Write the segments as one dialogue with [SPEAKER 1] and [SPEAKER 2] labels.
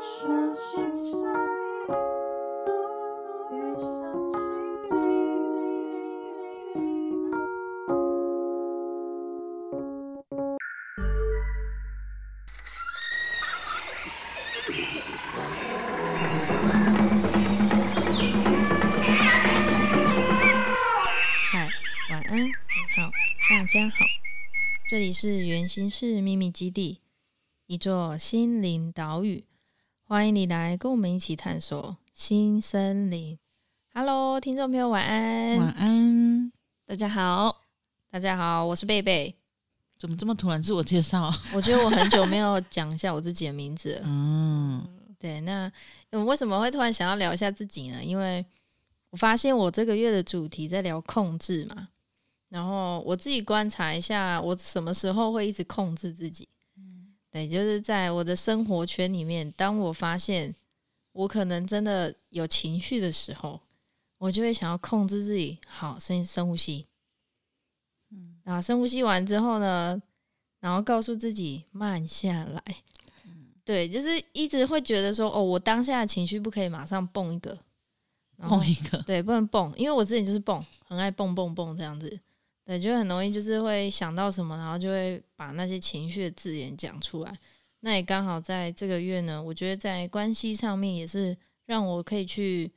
[SPEAKER 1] 是是是。嗨，都 Hi，晚安，你好，大家好，這裡是源形式秘密基地，一座心靈島嶼。歡迎你來跟我們一起探索心森林。Hello，聽眾朋友，晚安。晚安，大家好，大家好，我是貝貝。
[SPEAKER 2] 怎麼這麼突然自我介紹？我覺得我很久沒有
[SPEAKER 1] 講一下我自己的名字。 嗯，對。那我為什麼會突然想要聊一下自己呢？因為我發現我這個月的主題在聊控制嘛，然後我自己觀察一下，我什麼時候會一直控制自己。對，就是在我的生活圈裡面，當我發現我可能真的有情緒的時候，我就會想要控制自己，好，深深呼吸，嗯，然後深呼吸完之後呢，然後告訴自己慢下來，嗯，對，就是一直會覺得說，哦、喔，我當下的情緒不可以馬上蹦一個，然後蹦一個，對，不能蹦，因為我自己就是蹦，很愛蹦蹦蹦，蹦這樣子。對，就很容易，就是會想到什麼，然後就會把那些情緒的字眼講出來。那也剛好在這個月呢，我覺得在關係上面也是讓我可以去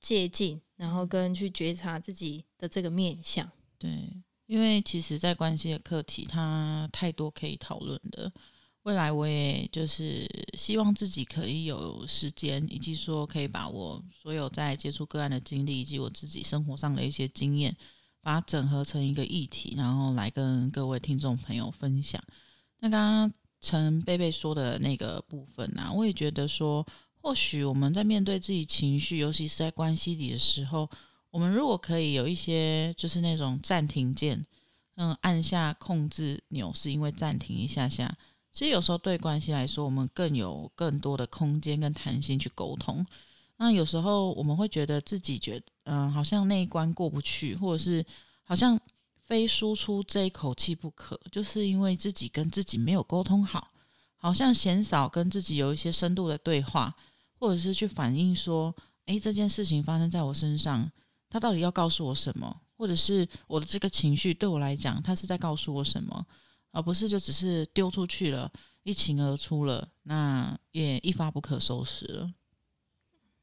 [SPEAKER 1] 接近，然後跟去覺察自己
[SPEAKER 2] 的這個面向。對，因為其實在關係的課題，它太多可以討論的。未來我也就是希望自己可以有時間，以及說可以把我所有在接觸個案的經歷，以及我自己生活上的一些經驗。把它整合成一個議題，然後來跟各位聽眾朋友分享。那剛剛陳貝貝說的那個部分呢、啊，我也覺得說，或許我們在面對自己情緒，尤其是在關係裡的時候，我們如果可以有一些就是那種暫停鍵，嗯，按下控制鈕，是因為暫停一下下。其實有時候對關係來說，我們更有更多的空間跟彈性去溝通。那有時候我們會覺得自己覺得，嗯、呃，好像那一關過不去，或者是好像非輸出這一口氣不可，就是因為自己跟自己沒有溝通好，好像嫌少跟自己有一些深度的對話，或者是去反映說，哎，這件事情發生在我身上，他到底要告訴我什麼？或者是我的這個情緒對我來講，他是在告訴我什麼，而、啊、不是就只是丟出去了，一情而出了，那也一發不可收拾了。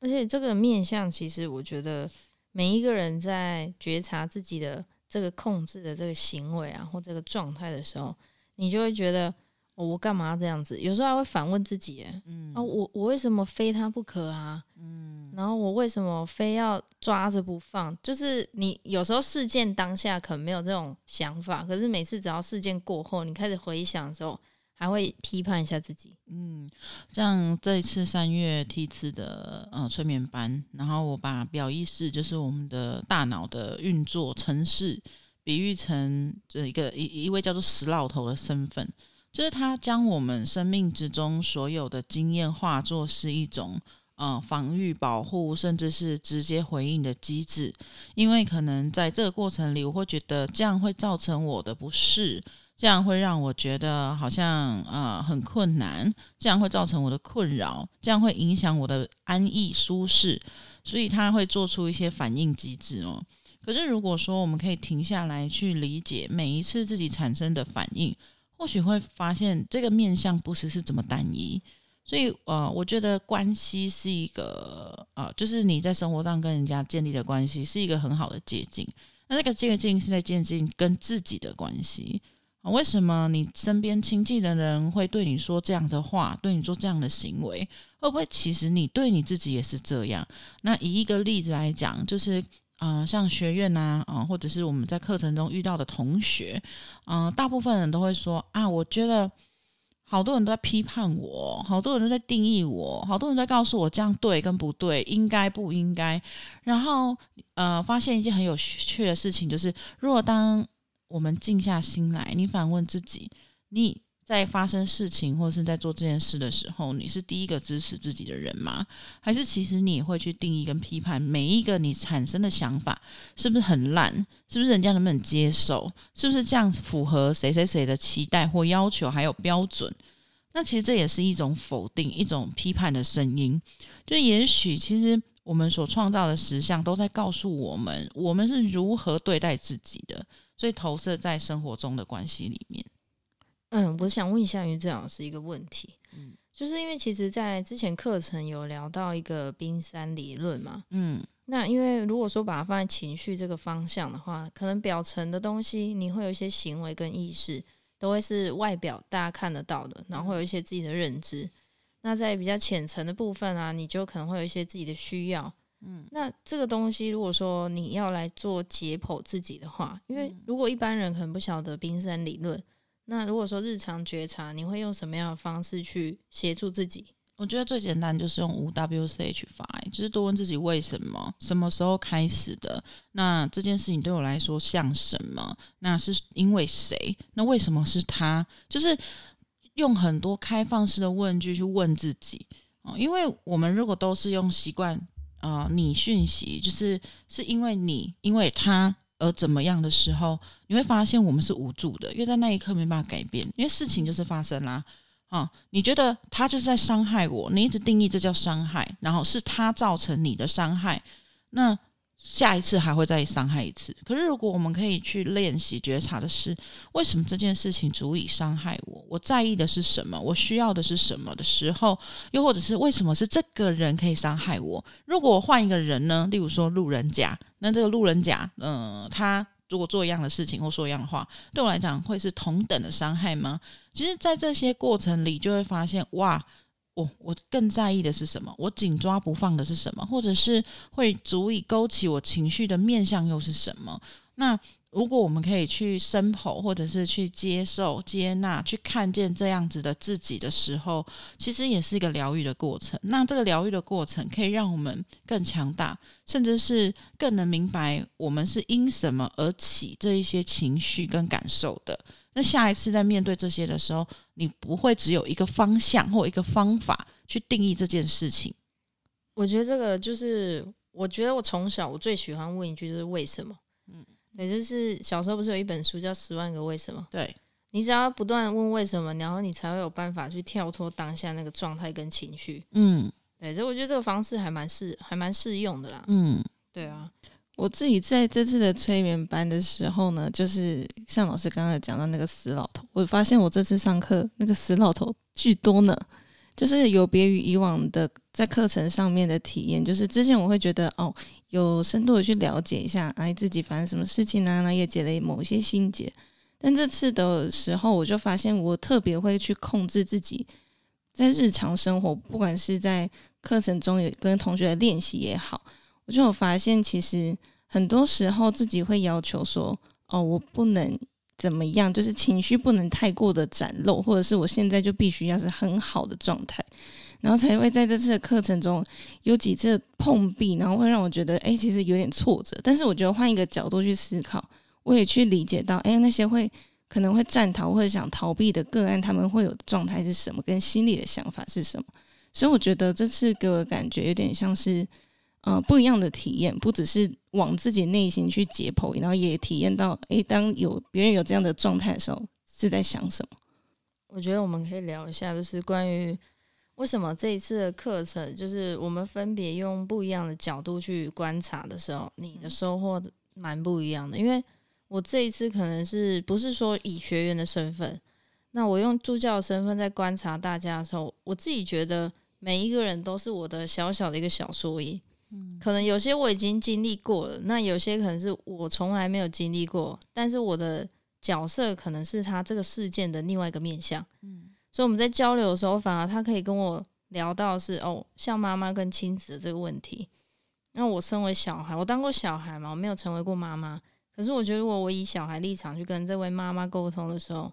[SPEAKER 1] 而且這個面向，其實我覺得每一個人在覺察自己的這個控制的這個行為啊，或這個狀態的時候，你就會覺得，喔，我幹嘛要這樣子？有時候還會反問自己：嗯啊，我我為什麼非他不可啊？嗯，然後我為什麼非要抓着不放？就是你有時候事件當下可能沒有這種想法，可是每次只要事件過後，你開始回想的時候。
[SPEAKER 2] 還會批判一下自己。嗯，像這一次三月梯次的呃催眠班，然後我把表意識，就是我們的大腦的運作程式，比喻成這一個一一位叫做“死老頭”的身份，就是他將我們生命之中所有的經驗化作是一種嗯、呃，防禦、保護，甚至是直接回應的機制，因為可能在這個過程裡，我會覺得這樣會造成我的不適。這樣會讓我覺得好像呃很困難，這樣會造成我的困擾，這樣會影響我的安逸舒適，所以他會做出一些反應機制哦。可是如果說我們可以停下來去理解每一次自己產生的反應，或許會發現這個面向不是是這麼單一。所以呃，我覺得關係是一個呃，就是你在生活上跟人家建立的關係是一個很好的接近，那那個接近是在接近跟自己的關係。為什麼你身邊親近的人會對你說這樣的話，對你做這樣的行為？會不會其實你對你自己也是這樣？那以一個例子來講，就是嗯、呃，像學院吶啊、呃，或者是我們在課程中遇到的同學，嗯、呃，大部分人都會說啊，我覺得好多人都在批判我，好多人都在定義我，好多人都在告訴我這樣對跟不對，應該不應該。然後呃，發現一件很有趣的事情，就是如果當。我們靜下心來，你反問自己：你在發生事情或是在做這件事的時候，你是第一個支持自己的人嗎？還是其實你也會去定義跟批判每一個你產生的想法，是不是很爛？是不是人家能不能接受？是不是這樣符合誰誰誰的期待或要求還有標準？那其實這也是一種否定、一種批判的聲音。就也許，其實我們所創造的實相都在告訴我們，我們是如何對待自己的。對，投射在生活中的關係裡面，
[SPEAKER 1] 嗯，我想問一下於正老師一個問題，嗯，就是因為其實在之前課程有聊到一個冰山理論嘛，嗯，那因為如果說把它放在情緒這個方向的話，可能表層的東西你會有一些行為跟意識，都會是外表大家看得到的，然後會有一些自己的認知，那在比較淺層的部分啊，你就可能會有一些自己的需要。嗯，那這個東西，如果說你要來做解剖自己的話，因為如果一般人可能不曉得冰山
[SPEAKER 2] 理論，那如果說日常覺察，你會用什麼樣的方式去協助自己？我覺得最簡單就是用五 W C H 法，就是多問自己為什麼、什麼時候開始的、那這件事情對我來說像什麼、那是因為誰、那為什麼是他，就是用很多開放式的問句去問自己。嗯，因為我們如果都是用習慣。啊、呃，你訊息就是是因為你，因為他而怎麼樣的時候，你會發現我們是無助的，因為在那一刻沒辦法改變，因為事情就是發生啦、啊。啊、哦，你覺得他就是在傷害我，你一直定義這叫傷害，然後是他造成你的傷害，那。下一次還會再傷害一次。可是，如果我們可以去練習覺察的是，為什麼這件事情足以傷害我？我在意的是什麼？我需要的是什麼的時候？又或者是為什麼是這個人可以傷害我？如果我換一個人呢？例如說路人甲，那這個路人甲，嗯、呃，他如果做一樣的事情或說一樣的話，對我來講會是同等的傷害嗎？其實，在這些過程裡，就會發現，哇。我、哦、我更在意的是什麼？我緊抓不放的是什麼？或者是會足以勾起我情緒的面向又是什麼？那如果我們可以去深剖，或者是去接受、接納、去看見這樣子的自己的時候，其實也是一個療癒的過程。那這個療癒的過程，可以讓我們更強大，甚至是更能明白我們是因什麼而起這一些情緒跟感受的。那下一次在面對這些的時候，你不會只有一個方向或一個方法去定義這件事情。
[SPEAKER 1] 我覺得這個就是，我覺得我從小我最喜歡問一句就是為什麼。嗯，就是小時候不是有一本書叫《十萬個為什麼》？對，你只要不斷問為什麼，然後你才會有辦法去跳脫當下那個狀態跟情緒。嗯，對，所以我覺得這個方式還蠻適，還蠻適用的啦。嗯，對啊。
[SPEAKER 3] 我自己在這次的催眠班的時候呢，就是像老師剛剛有講到那個死老頭，我發現我這次上課那個死老頭巨多呢，就是有別於以往的在課程上面的體驗，就是之前我會覺得哦，有深度的去了解一下，哎，自己發生什麼事情啊，那也解了某些心結，但這次的時候我就發現，我特別會去控制自己在日常生活，不管是在課程中有跟同學的練習也好。我就有發現，其實很多時候自己會要求說：“哦，我不能怎麼樣，就是情緒不能太過的展露，或者是我現在就必須要是很好的狀態。”然後才會在這次的課程中有幾次碰壁，然後會讓我覺得，誒、欸，其實有點挫折。但是我覺得換一個角度去思考，我也去理解到，誒、欸，那些會可能會戰逃或者想逃避的個案，他們會有狀態是什麼，跟心裡的想法是什麼。所以我覺得這次給我的感覺有點像是。嗯、呃，不一樣的體驗，不只是往自己內心去解剖，然後也體驗到，誒、欸，當有別人有這樣的狀態的時候，是在想什麼？
[SPEAKER 1] 我覺得我們可以聊一下，就是關於為什麼這一次的課程，就是我們分別用不一樣的角度去觀察的時候，你的收穫蠻不一樣的。因為我這一次可能是不是說以學員的身份，那我用助教的身份在觀察大家的時候，我自己覺得每一個人都是我的小小的一個小縮影。可能有些我已經經歷過了，那有些可能是我從來沒有經歷過，但是我的角色可能是他這個事件的另外一個面向。嗯，所以我們在交流的時候，反而他可以跟我聊到是哦，像媽媽跟親子的這個問題。那我身為小孩，我當過小孩嘛，我沒有成為過媽媽，可是我覺得如果我以小孩立場去跟這位媽媽溝通的時候。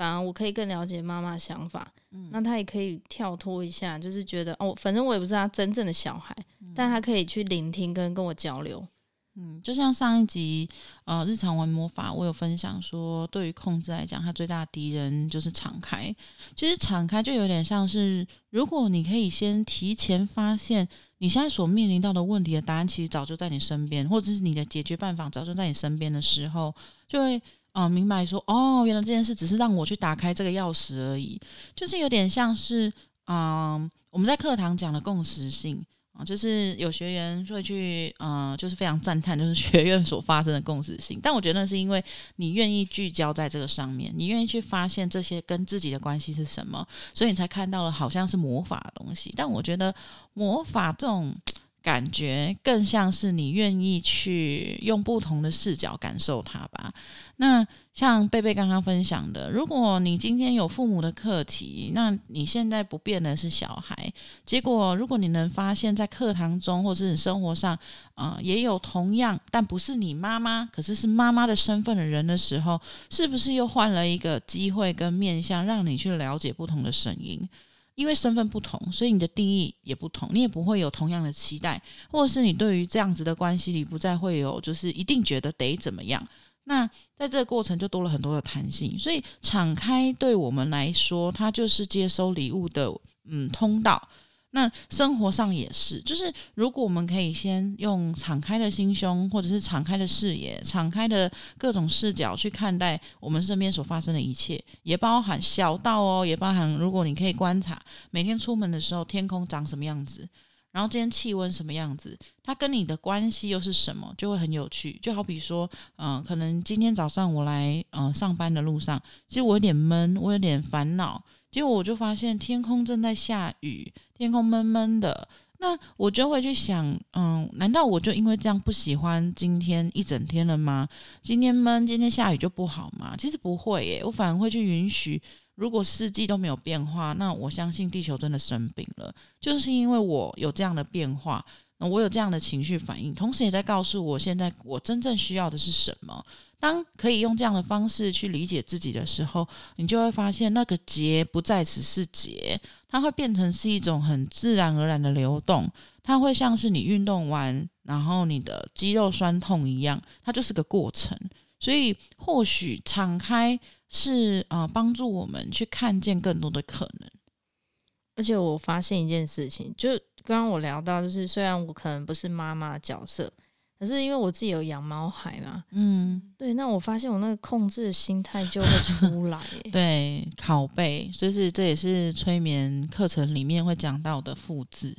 [SPEAKER 1] 反而我可以更了解媽媽的想法，嗯、那他也可以跳脫一下，就是覺得哦，反正我也不是他真正的小孩，嗯、但他可以去聆聽跟跟我交流。
[SPEAKER 2] 嗯，就像上一集呃，日常玩魔法，我有分享說，對於控制來講，他最大的敵人就是敞開。其實敞開就有點像是，如果你可以先提前發現你現在所面臨到的問題的答案，其實早就在你身邊，或者是你的解決辦法早就在你身邊的時候，就會。哦、呃，明白說哦，原來這件事只是讓我去打開這個鑰匙而已，就是有點像是啊、呃，我們在課堂講的共時性啊、呃，就是有學員會去，嗯、呃，就是非常讚嘆，就是學院所發生的共時性。但我覺得那是因為你願意聚焦在這個上面，你願意去發現這些跟自己的關係是什麼，所以你才看到了好像是魔法的東西。但我覺得魔法這種。感覺更像是你願意去用不同的視角感受它吧。那像貝貝剛剛分享的，如果你今天有父母的課題，那你現在不變的是小孩。結果，如果你能發現，在課堂中或是你生活上，啊、呃，也有同樣但不是你媽媽，可是是媽媽的身份的人的時候，是不是又換了一個機會跟面向，讓你去了解不同的聲音？因為身份不同，所以你的定義也不同，你也不會有同樣的期待，或者是你對於這樣子的關係裡不再會有就是一定覺得得怎麼樣。那在這個過程就多了很多的彈性，所以敞開對我們來說，它就是接收禮物的嗯通道。那生活上也是，就是如果我們可以先用敞開的心胸，或者是敞開的視野、敞開的各種視角去看待我們身邊所發生的一切，也包含小到哦，也包含如果你可以觀察每天出門的時候天空長什麼樣子。然後今天氣溫什麼樣子？它跟你的關係又是什麼？就會很有趣。就好比說，嗯、呃，可能今天早上我來，嗯、呃，上班的路上，其實我有點悶，我有點煩惱。結果我就發現天空正在下雨，天空悶悶的。那我就會去想，嗯，難道我就因為這樣不喜歡今天一整天了嗎？今天悶，今天下雨就不好嗎？其實不會耶，我反而會去允許。如果四季都沒有變化，那我相信地球真的生病了，就是因為我有這樣的變化。我有這樣的情緒反應，同時也在告訴我，現在我真正需要的是什麼。當可以用這樣的方式去理解自己的時候，你就會發現那個結不再只是結，它會變成是一種很自然而然的流動。它會像是你運動完然後你的肌肉酸痛一樣，它就是個過程。所以或許敞開是啊、呃，幫助我們去看見更多的可能。而且我發現一件
[SPEAKER 1] 事情，就剛剛我聊到，就是雖然我可能不是媽媽的角色，可是因為我自己有養貓孩嘛，嗯，對，那我發現我那個控制的心態就會出
[SPEAKER 2] 來、欸， 對，拷貝，就是這也是催眠課程裡面會講到的複製。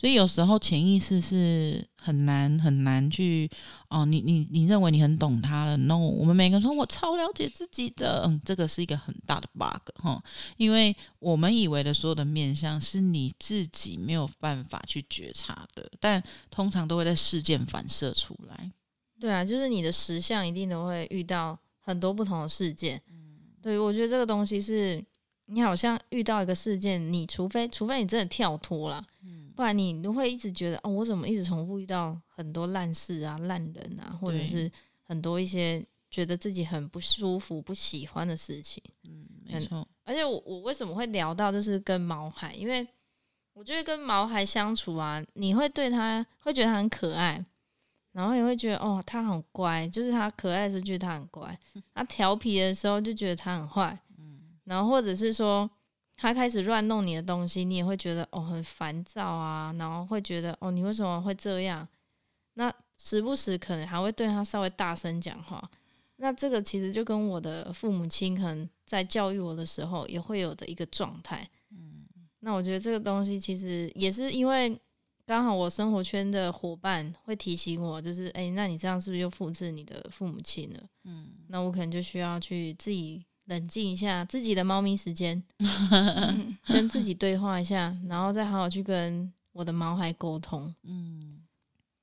[SPEAKER 2] 所以有時候潛意識是很難很難去哦，你你你認為你很懂他了，no，我們每個人說“我超了解自己”的，嗯，這個是一個很大的 bug 哈，因為我們以為的所有的面向是你自己沒有辦法去覺察的，但通常都會在事件反射出來。
[SPEAKER 1] 對啊，就是你的實相一定都會遇到很多不同的事件。嗯，對，我覺得這個東西是你好像遇到一個事件，你除非除非你真的跳脫了，嗯。不然你都會一直覺得哦，我怎麼一直重複遇到很多爛事啊、爛人啊，或者是很多一些覺得自己很不舒服、不喜歡的事情。嗯，沒錯。嗯，而且我我為什麼會聊到就是跟毛孩？因為我覺得跟毛孩相處啊，你會對他會覺得他很可愛，然後也會覺得哦，他很乖。就是他可愛的時候覺得他很乖，他調皮的時候就覺得他很壞。嗯，然後或者是說。他開始亂弄你的東西，你也會覺得哦很煩躁啊，然後會覺得哦你為什麼會這樣？那時不時可能還會對他稍微大聲講話。那這個其實就跟我的父母親可能在教育我的時候也會有的一個狀態。嗯，那我覺得這個東西其實也是因為剛好我生活圈的夥伴會提醒我，就是哎、欸，那你這樣是不是就複製你的父母親了？嗯，那我可能就需要去自己。冷靜一下，自己的貓咪時間， 跟自己對話一下，然後再好好
[SPEAKER 3] 去跟我的毛孩溝通。嗯，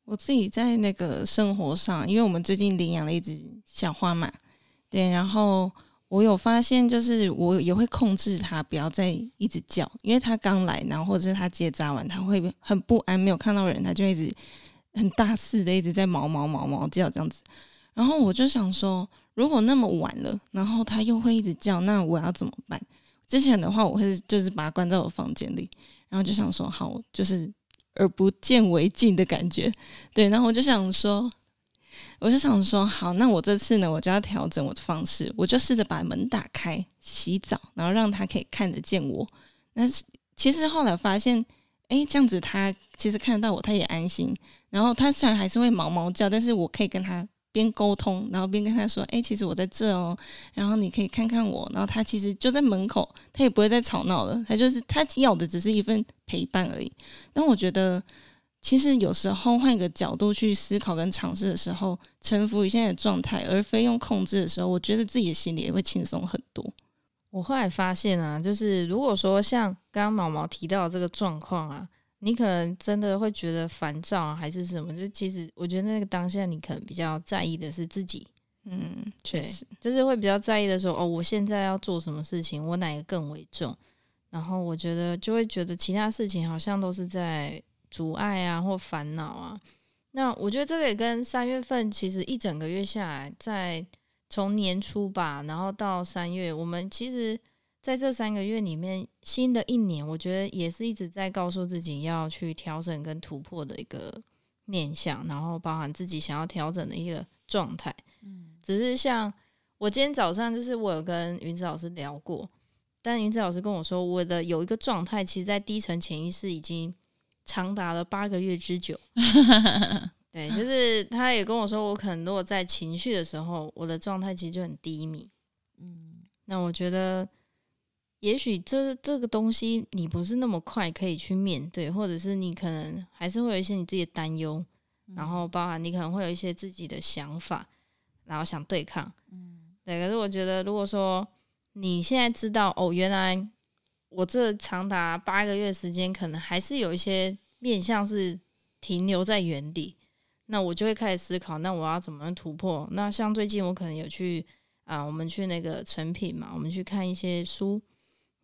[SPEAKER 3] 我自己在那個生活上，因為我們最近領養了一隻小花貓，對，然後我有發現，就是我也會控制它不要再一直叫，因為它剛來，然後或者是它結紮完，它會很不安，沒有看到人，它就一直很大肆的一直在毛毛毛毛叫這樣子。然後我就想說。如果那麼晚了，然後他又會一直叫，那我要怎麼辦？之前的話，我會就是把他關在我房間裡，然後就想說好，就是耳不見為淨的感覺。對，然後我就想說，我就想說好，那我這次呢，我就要調整我的方式，我就試着把門打開，洗澡，然後讓他可以看得見我。那是其實後來發現，哎、欸，這樣子他其實看得到我，他也安心。然後他雖然還是會毛毛叫，但是我可以跟他邊溝通，然後邊跟他說：“哎，其實我在這哦，然後你可以看看我。”然後他其實就在門口，他也不會再吵鬧了。他就是他要的只是一份陪伴而已。但我覺得，其實有時候換一個角度去思考跟嘗試的時候，臣服於現在的狀態，而非用控制的時候，我覺得自己的心裡也會輕鬆很多。
[SPEAKER 1] 我後來發現啊，就是如果說像剛剛毛毛提到的這個狀況啊。你可能真的會覺得煩躁啊，還是什麼？就其實，我覺得那個當下，你可能比較在意的是自己。
[SPEAKER 2] 嗯，
[SPEAKER 1] 對確實，就是會比較在意的時候，哦，我現在要做什麼事情，我哪個更為重？然後我覺得就會覺得其他事情好像都是在阻礙啊，或煩惱啊。那我覺得這個也跟三月份其實一整個月下來，在從年初吧，然後到三月，我們其實。在這三個月裡面，新的一年，我覺得也是一直在告訴自己要去調整跟突破的一個面向，然後包含自己想要調整的一個狀態。嗯，只是像我今天早上，就是我有跟芸子老師聊過，但芸子老師跟我說，我的有一個狀態，其實在低層潛意識已經長達了八個月之久。 對，就是他也跟我說，我可能如果在情緒的時候，我的狀態其實就很低迷。嗯，那我覺得。也許這這個東西你不是那麼快可以去面對，或者是你可能還是會有一些你自己的擔憂，然後包含你可能會有一些自己的想法，然後想對抗，嗯，對。可是我覺得，如果說你現在知道哦，原來我這長達八個月時間，可能還是有一些面向是停留在原地，那我就會開始思考，那我要怎麼突破？那像最近我可能有去啊、呃，我們去那個誠品嘛，我們去看一些書。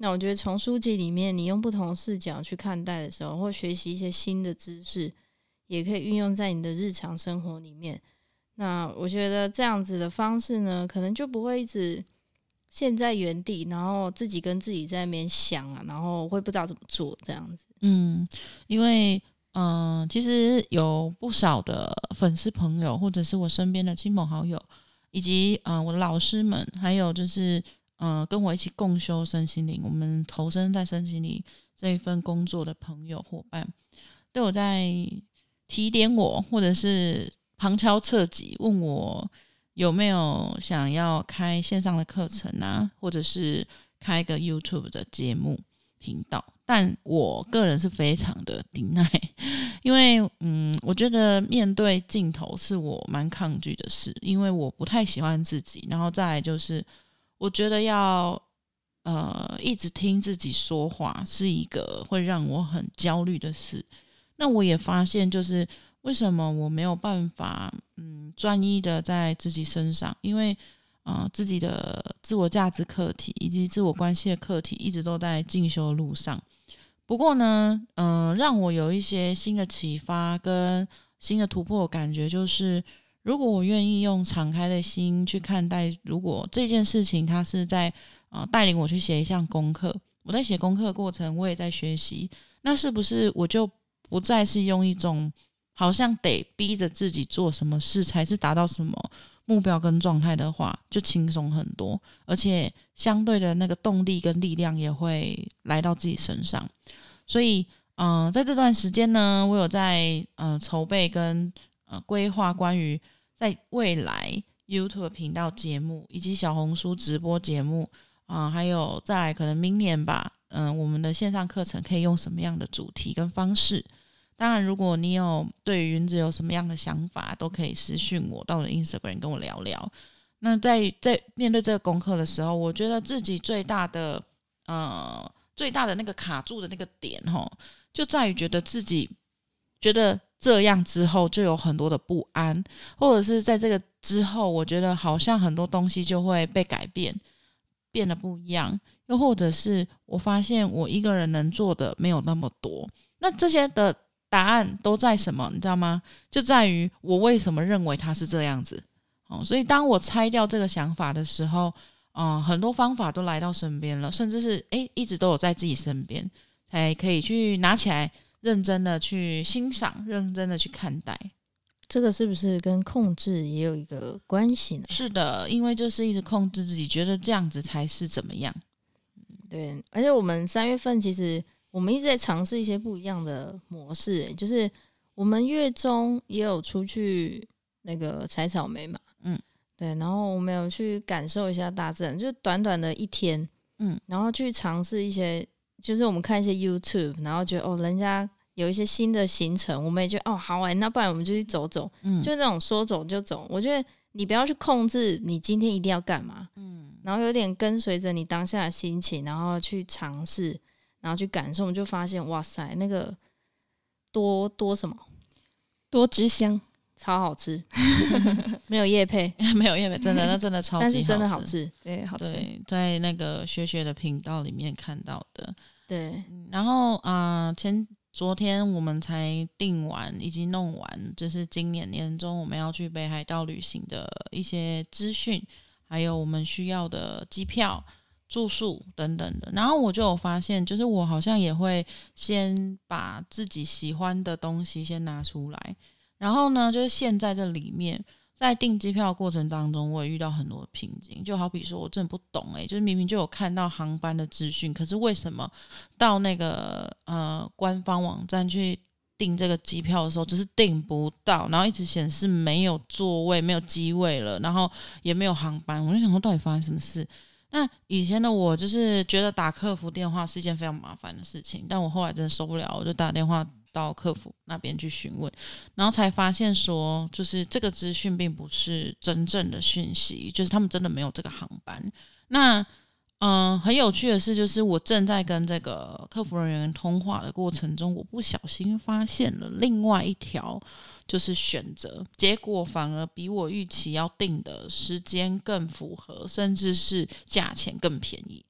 [SPEAKER 1] 那我覺得，從書籍裡面你用不同視角去看待的時候，或學習一些新的知識，也可以運用在你的日常生活裡面。那我覺得這樣子的方式呢，可能就不會一直陷在原地，然後自己跟自己在那邊想啊，然後會不知道怎麼做這樣子。
[SPEAKER 2] 嗯，因為嗯、呃，其實有不少的粉絲朋友，或者是我身邊的親朋好友，以及嗯、呃，我的老師們，還有就是。嗯、呃，跟我一起共修身心靈，我們投身在身心靈這一份工作的朋友夥伴，都有在提點我，或者是旁敲側擊問我有沒有想要開線上的課程啊，或者是開一個 YouTube 的節目頻道。但我個人是非常的抵賴，因為嗯，我覺得面對鏡頭是我蠻抗拒的事，因為我不太喜歡自己。然後再來就是。我覺得要，呃，一直聽自己說話是一個會讓我很焦慮的事。那我也發現，就是為什麼我沒有辦法，嗯，專一的在自己身上，因為啊、呃，自己的自我價值課題以及自我關係的課題一直都在進修路上。不過呢，嗯、呃，讓我有一些新的啟發跟新的突破，感覺就是。如果我願意用敞開的心去看待，如果這件事情它是在啊、呃、帶領我去寫一項功課，我在寫功課的過程，我也在學習，那是不是我就不再是用一種好像得逼着自己做什麼事才是達到什麼目標跟狀態的話，就輕鬆很多，而且相對的那個動力跟力量也會來到自己身上。所以，嗯、呃，在這段時間呢，我有在嗯、呃、籌備跟。呃，規劃關於在未來 YouTube 頻道節目以及小紅書直播節目啊、呃，還有在可能明年吧，嗯、呃，我們的線上課程可以用什麼樣的主題跟方式？當然，如果你有對於芸子有什麼樣的想法，都可以私信我到我的 Instagram 跟我聊聊。那在在面對這個功課的時候，我覺得自己最大的呃最大的那個卡住的那個點、哦，哈，就在於覺得自己覺得。這樣之後就有很多的不安，或者是在這個之後，我覺得好像很多東西就會被改變，變得不一樣。又或者是我發現我一個人能做的沒有那麼多。那這些的答案都在什麼？你知道嗎？就在於我為什麼認為他是這樣子哦。所以當我拆掉這個想法的時候，嗯、呃，很多方法都來到身邊了，甚至是誒，一直都有在自己身邊，才可以去拿起來。認真的去欣賞，認真的去看待，
[SPEAKER 1] 這個是不是跟控
[SPEAKER 2] 制也有一個關係呢？是的，因為就是一直控制自己，覺得這樣子才是怎麼樣。
[SPEAKER 1] 嗯，對，而且我們三月份其實我們一直在嘗試一些不一樣的模式欸，就是我們月中也有出去那個採草莓嘛，
[SPEAKER 3] 嗯，
[SPEAKER 1] 對，然後我們有去感受一下大自然，就短短的一天，嗯，然後去嘗試一些。就是我們看一些 YouTube，然後覺得哦，人家有一些新的行程，我們也覺得哦，好玩，那不然我們就去走走，嗯，就那種說走就走。我覺得你不要去控制你今天一定要幹嘛，嗯，然後有點跟隨着你當下的心情，然後去嘗試，然後去感受，我們就發現哇塞，那個多多什麼多汁香，
[SPEAKER 2] 超好吃，
[SPEAKER 1] 沒有業配，沒有業配，真的，那真的超級好吃， 但是真的好吃，
[SPEAKER 2] 對，好吃，對。在那個學學的頻道裡面看到的。對、嗯，然後啊、呃，前昨天我們才訂完，以及弄完，就是今年年中我們要去北海道旅行的一些資訊，還有我們需要的機票、住宿等等的。然後我就有發現，就是我好像也會先把自己喜歡的東西先拿出來，然後呢，就是現在這裡面。在訂機票的過程當中，我也遇到很多的瓶頸。就好比說我真的不懂誒、欸，就是明明就有看到航班的資訊，可是為什麼到那個呃官方網站去訂這個機票的時候，就是訂不到，然後一直顯示沒有座位、沒有機位了，然後也沒有航班。我就想說到底發生什麼事？那以前的我就是覺得打客服電話是一件非常麻煩的事情，但我後來真的受不了，我就打電話。到客服那邊去詢問，然後才發現說，就是這個資訊並不是真正的訊息，就是他們真的沒有這個航班。那，嗯、呃，很有趣的是，就是我正在跟這個客服人員通話的過程中，我不小心發現了另外一條，就是選擇結果反而比我預期要訂的時間更符合，甚至是價錢更便宜。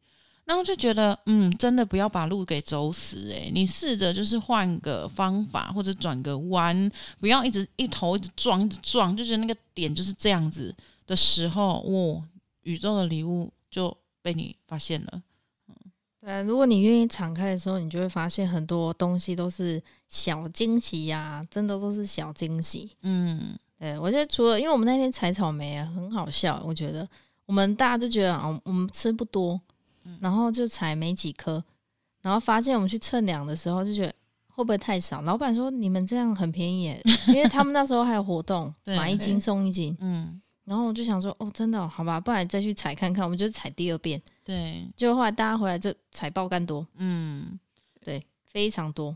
[SPEAKER 2] 然後就覺得，嗯，真的不要把路給走死欸。你試着就是換個方法或者轉個彎，不要一直一頭一直撞，一直撞就覺得那個點就是這樣子的時候，哇，宇宙的禮物就被你發現了。
[SPEAKER 1] 嗯，對，如果你願意敞開的時候，你就會發現很多東西都是小驚喜呀，真的都是小驚喜。嗯，對，我覺得除了因為我們那天採草莓啊，很好笑，我覺得我們大家就覺得，啊，我們吃不多。嗯、然後就採沒幾顆，然後發現我們去稱量的時候就覺得會不會太少？老板說你們這樣很便宜耶， 因為他們那時候還有活動，買對一斤送一斤。嗯，然後我就想說，哦，真的、哦、好吧，不然再去採看看。我們就採第二遍，
[SPEAKER 2] 對，
[SPEAKER 3] 就後來大家回來就採爆幹多，嗯，對，非常多。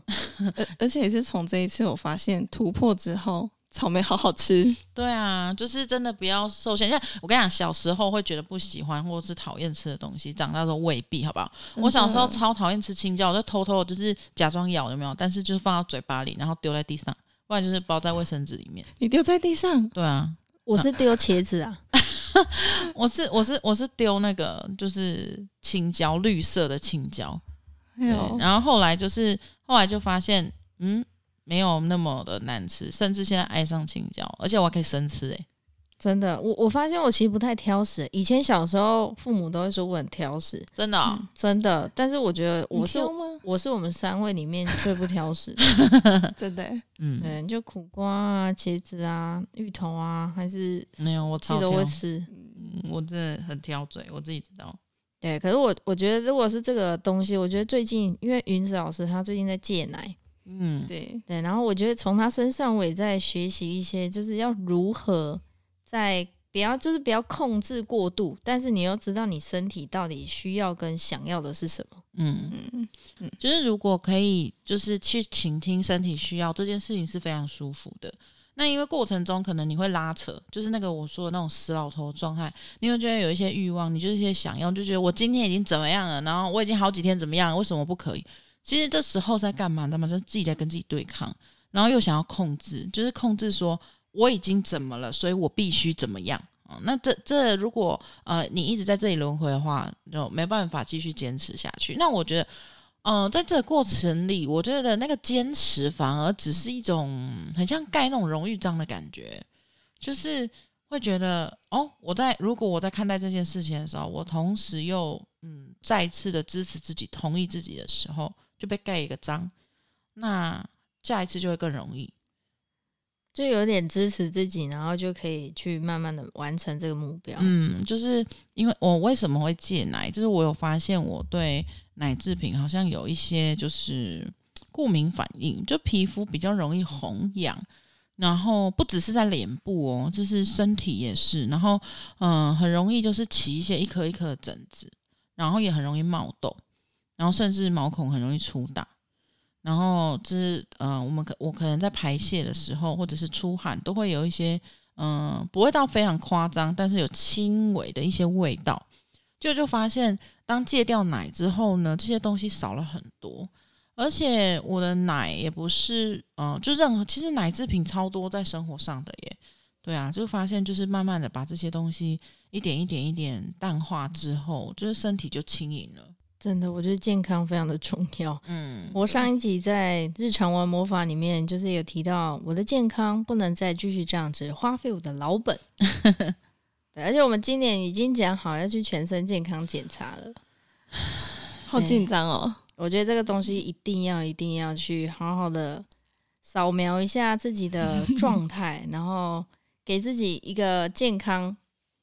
[SPEAKER 3] 而且也是從這一次我發現突破之後。草莓好好吃，
[SPEAKER 2] 對啊，就是真的不要受限。因為我跟你講，小時候會覺得不喜歡或者是討厭吃的東西，長大都未必，好不好？的我小時候超討厭吃青椒，我就偷偷就是假裝咬有沒有，但是就放到嘴巴裡，然後丟在地上，不然就是包在衛生紙裡面。你丟在地上？對啊，
[SPEAKER 1] 我是丟茄子啊，
[SPEAKER 2] 我是我是我是丟那個就是青椒，綠色的青椒有。然後後來就是後來就發現，嗯。沒有那麼的難吃，甚至現在愛上青椒，而且我還可以生吃，欸、
[SPEAKER 1] 真的，我我發現我其實不太挑食，以前小時候父母都會說我很挑食，真的、喔、嗯、真的。但是我覺得我是我是我們三位裡面最不挑食的， 真的耶，嗯，就苦瓜啊、茄子啊、芋頭啊，還是
[SPEAKER 2] 沒有我超記得我會吃，我真的很挑嘴，我自己知道。
[SPEAKER 1] 對，可是我我覺得如果是這個東西，我覺得最近因為芸子老師他最近在戒奶。嗯，對對，然後我覺得從他身上我也在學習一些，就是要如何在不要就是不要控制過度，但是你又知道你身體到底需
[SPEAKER 2] 要跟想要的是什麼。嗯嗯嗯，就是如果可以，就是去傾聽身體需要這件事情是非常舒服的。那因為過程中可能你會拉扯，就是那個我說的那種死老頭狀態，你會覺得有一些慾望，你就是一些想要，就覺得我今天已經怎麼樣了，然後我已經好幾天怎麼樣了，為什麼不可以？其實這時候在幹嘛？他們就是、自己在跟自己對抗，然後又想要控制，就是控制說我已經怎麼了，所以我必須怎麼樣。嗯、那這這如果呃你一直在這裡輪迴的話，就沒辦法繼續堅持下去。那我覺得，嗯、呃，在這個過程裡，我覺得那個堅持反而只是一種很像蓋那種榮譽章的感覺，就是會覺得哦，我在如果我在看待這件事情的時候，我同時又嗯再次的支持自己、同意自己的時候。就被蓋一個章，那下一次就會更容易，就有點支持自己，然後就可以
[SPEAKER 1] 去慢慢的完成這個目
[SPEAKER 2] 標。嗯，就是因為我為什麼會戒奶，就是我有發現我對奶制品好像有一些就是過敏反應，就皮膚比較容易紅癢，然後不只是在臉部哦，就是身體也是，然後嗯、呃，很容易就是起一些一顆一顆的疹子，然後也很容易冒痘。然後甚至毛孔很容易粗大，然後就是呃，我們可我可能在排泄的時候或者是出汗，都會有一些嗯、呃，不會到非常誇張，但是有輕微的一些味道。就就發現，當戒掉奶之後呢，這些東西少了很多，而且我的奶也不是嗯、呃，就任何其實奶制品超多在生活上的耶，對啊，就發現就是慢慢的把這些東西一點一點一點淡化之後，就是身體就輕盈了。
[SPEAKER 1] 真的，我覺得健康非常的重要。嗯，我上一集在日常玩魔法裡面，就是有提到我的健康不能再繼續這樣子花費我的老本。 對，而且我們今年已經講好要去全身健康檢查了， 對好緊張哦！我覺得這個東西一定要一定要去好好的掃描一下自己的狀態， 然後給自己一個健康，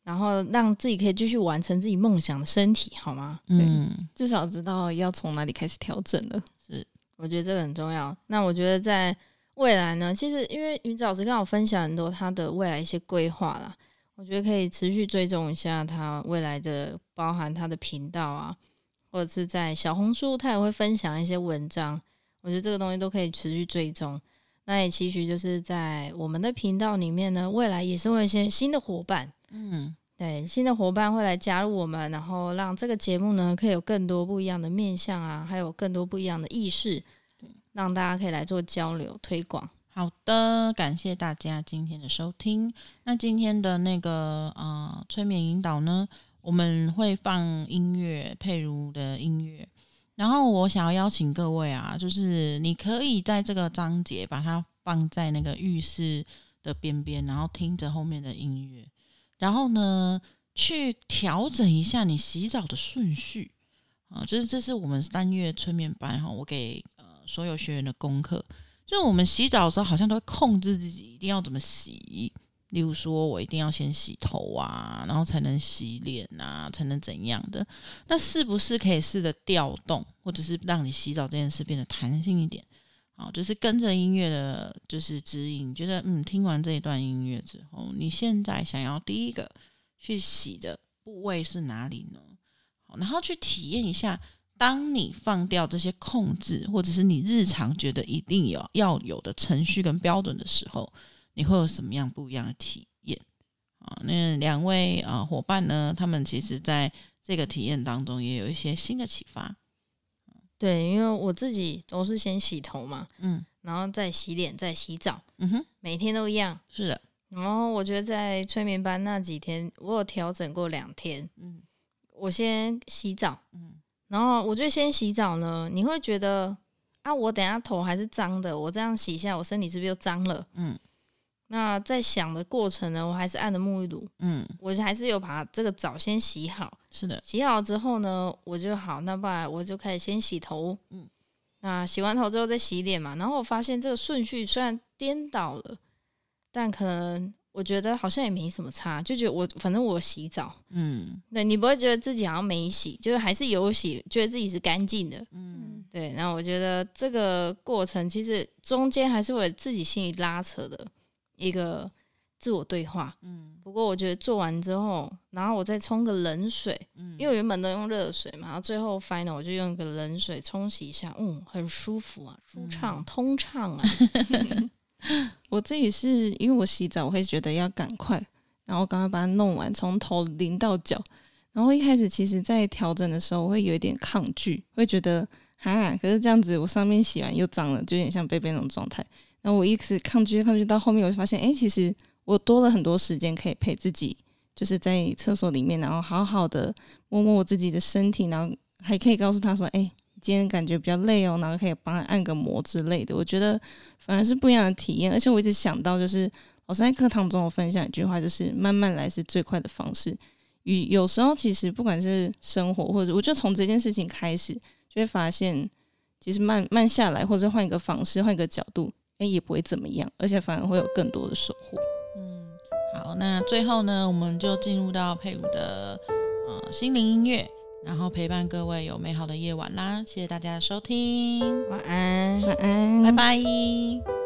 [SPEAKER 1] 然後讓自己可以繼續完成自己夢想的身體，好嗎？對，嗯，至少知道要從哪裡開始調整了。是，我覺得這個很重要。那我覺得在未來呢，其實因為芸子老師剛好我分享很多他的未來一些規劃啦，我覺得可以持續追蹤一下他未來的，包含他的頻道啊，或者是在小紅書，他也會分享一些文章。我覺得這個東西都可以持續追蹤。那也其實就是在我們的頻道裡面呢，未來也是會有一些新的夥伴。嗯，對，新的夥伴會來加入我們，然後讓這個節目呢，可以有更多不一樣的面向啊，還有更多不一樣的意識，對讓大家可以來做
[SPEAKER 2] 交流推廣。好的，感謝大家今天的收聽。那今天的那個呃，催眠引導呢，我們會放音樂，珮茹的音樂。然後我想要邀請各位啊，就是你可以在這個章節把它放在那個浴室的邊邊，然後聽着後面的音樂。然後呢，去調整一下你洗澡的順序啊，就是這是我們三月催眠班哈，我給呃所有學員的功課。就是我們洗澡的時候，好像都會控制自己一定要怎麼洗，例如說我一定要先洗頭啊，然後才能洗臉啊，才能怎樣的。那是不是可以試着調動，或者是讓你洗澡這件事變得彈性一點？就是跟着音樂的，就是指引，覺得嗯，聽完這一段音樂之後，你現在想要第一個去洗的部位是哪裡呢？好，然後去體驗一下，當你放掉這些控制，或者是你日常覺得一定有要有的程序跟標準的時候，你會有什麼樣不一樣的體驗？啊，那兩位啊伙伴呢，他們其實在這個體驗當中也有一些新的啟發。
[SPEAKER 1] 對，因為我自己都是先洗頭嘛，嗯，然後再洗臉，再洗澡，嗯哼，每天都一樣。
[SPEAKER 2] 是的，然
[SPEAKER 1] 後我覺得在催眠班那幾天，我有調整過兩天，嗯，我先洗澡，嗯，然後我就先洗澡呢，你會覺得啊，我等下頭還是髒的，我這樣洗一下，我身體是不是又髒了？嗯。那在想的過程呢，我還是按的沐浴乳，嗯，我就還是有把這個澡先洗好。是的，洗好之後呢，我就好，那不然，我就開始先洗頭，嗯，那洗完頭之後再洗臉嘛。然後我發現這個順序雖然顛倒了，但可能我覺得好像也沒什麼差，就覺得我反正我洗澡，嗯，對你不會覺得自己好像沒洗，就是還是有洗，覺得自己是乾淨的，嗯，對。然後我覺得這個過程其實中間還是我有自己心裡拉扯的。一個自我對話，嗯，不過我覺得做完之後，然後我再沖個冷水，嗯、因為原本都用熱水嘛，然後最後 final 我就用一個冷水沖洗一下，嗯，很舒服啊，舒暢、嗯、通暢啊。
[SPEAKER 3] 我這也是因為我洗澡我會覺得要趕快，然後趕快把它弄完，從頭淋到腳。然後一開始其實，在調整的時候，我會有一點抗拒，會覺得哈、啊、可是這樣子我上面洗完又髒了，就有點像蓓蓓那種狀態。然後我一直抗拒，抗拒到後面，我就發現，哎、欸，其實我多了很多時間可以陪自己，就是在廁所裡面，然後好好的摸摸我自己的身體，然後還可以告訴他說，哎、欸，今天感覺比較累哦，然後可以幫他按個摩之類的。我覺得反而是不一樣的體驗。而且我一直想到，就是老師在課堂中我分享一句話，就是慢慢來是最快的方式。與有時候其實不管是生活或者，我就從這件事情開始，就會發現，其實慢慢下來，或者換一個方式，換一個角度。也不會怎麼樣，而且反而會有更多的收穫。嗯，好，
[SPEAKER 2] 那最後呢，我們就進入到珮茹的呃心靈音樂，然後陪伴各位有美好的夜晚啦。謝謝大家的收聽，晚安，晚安，拜拜。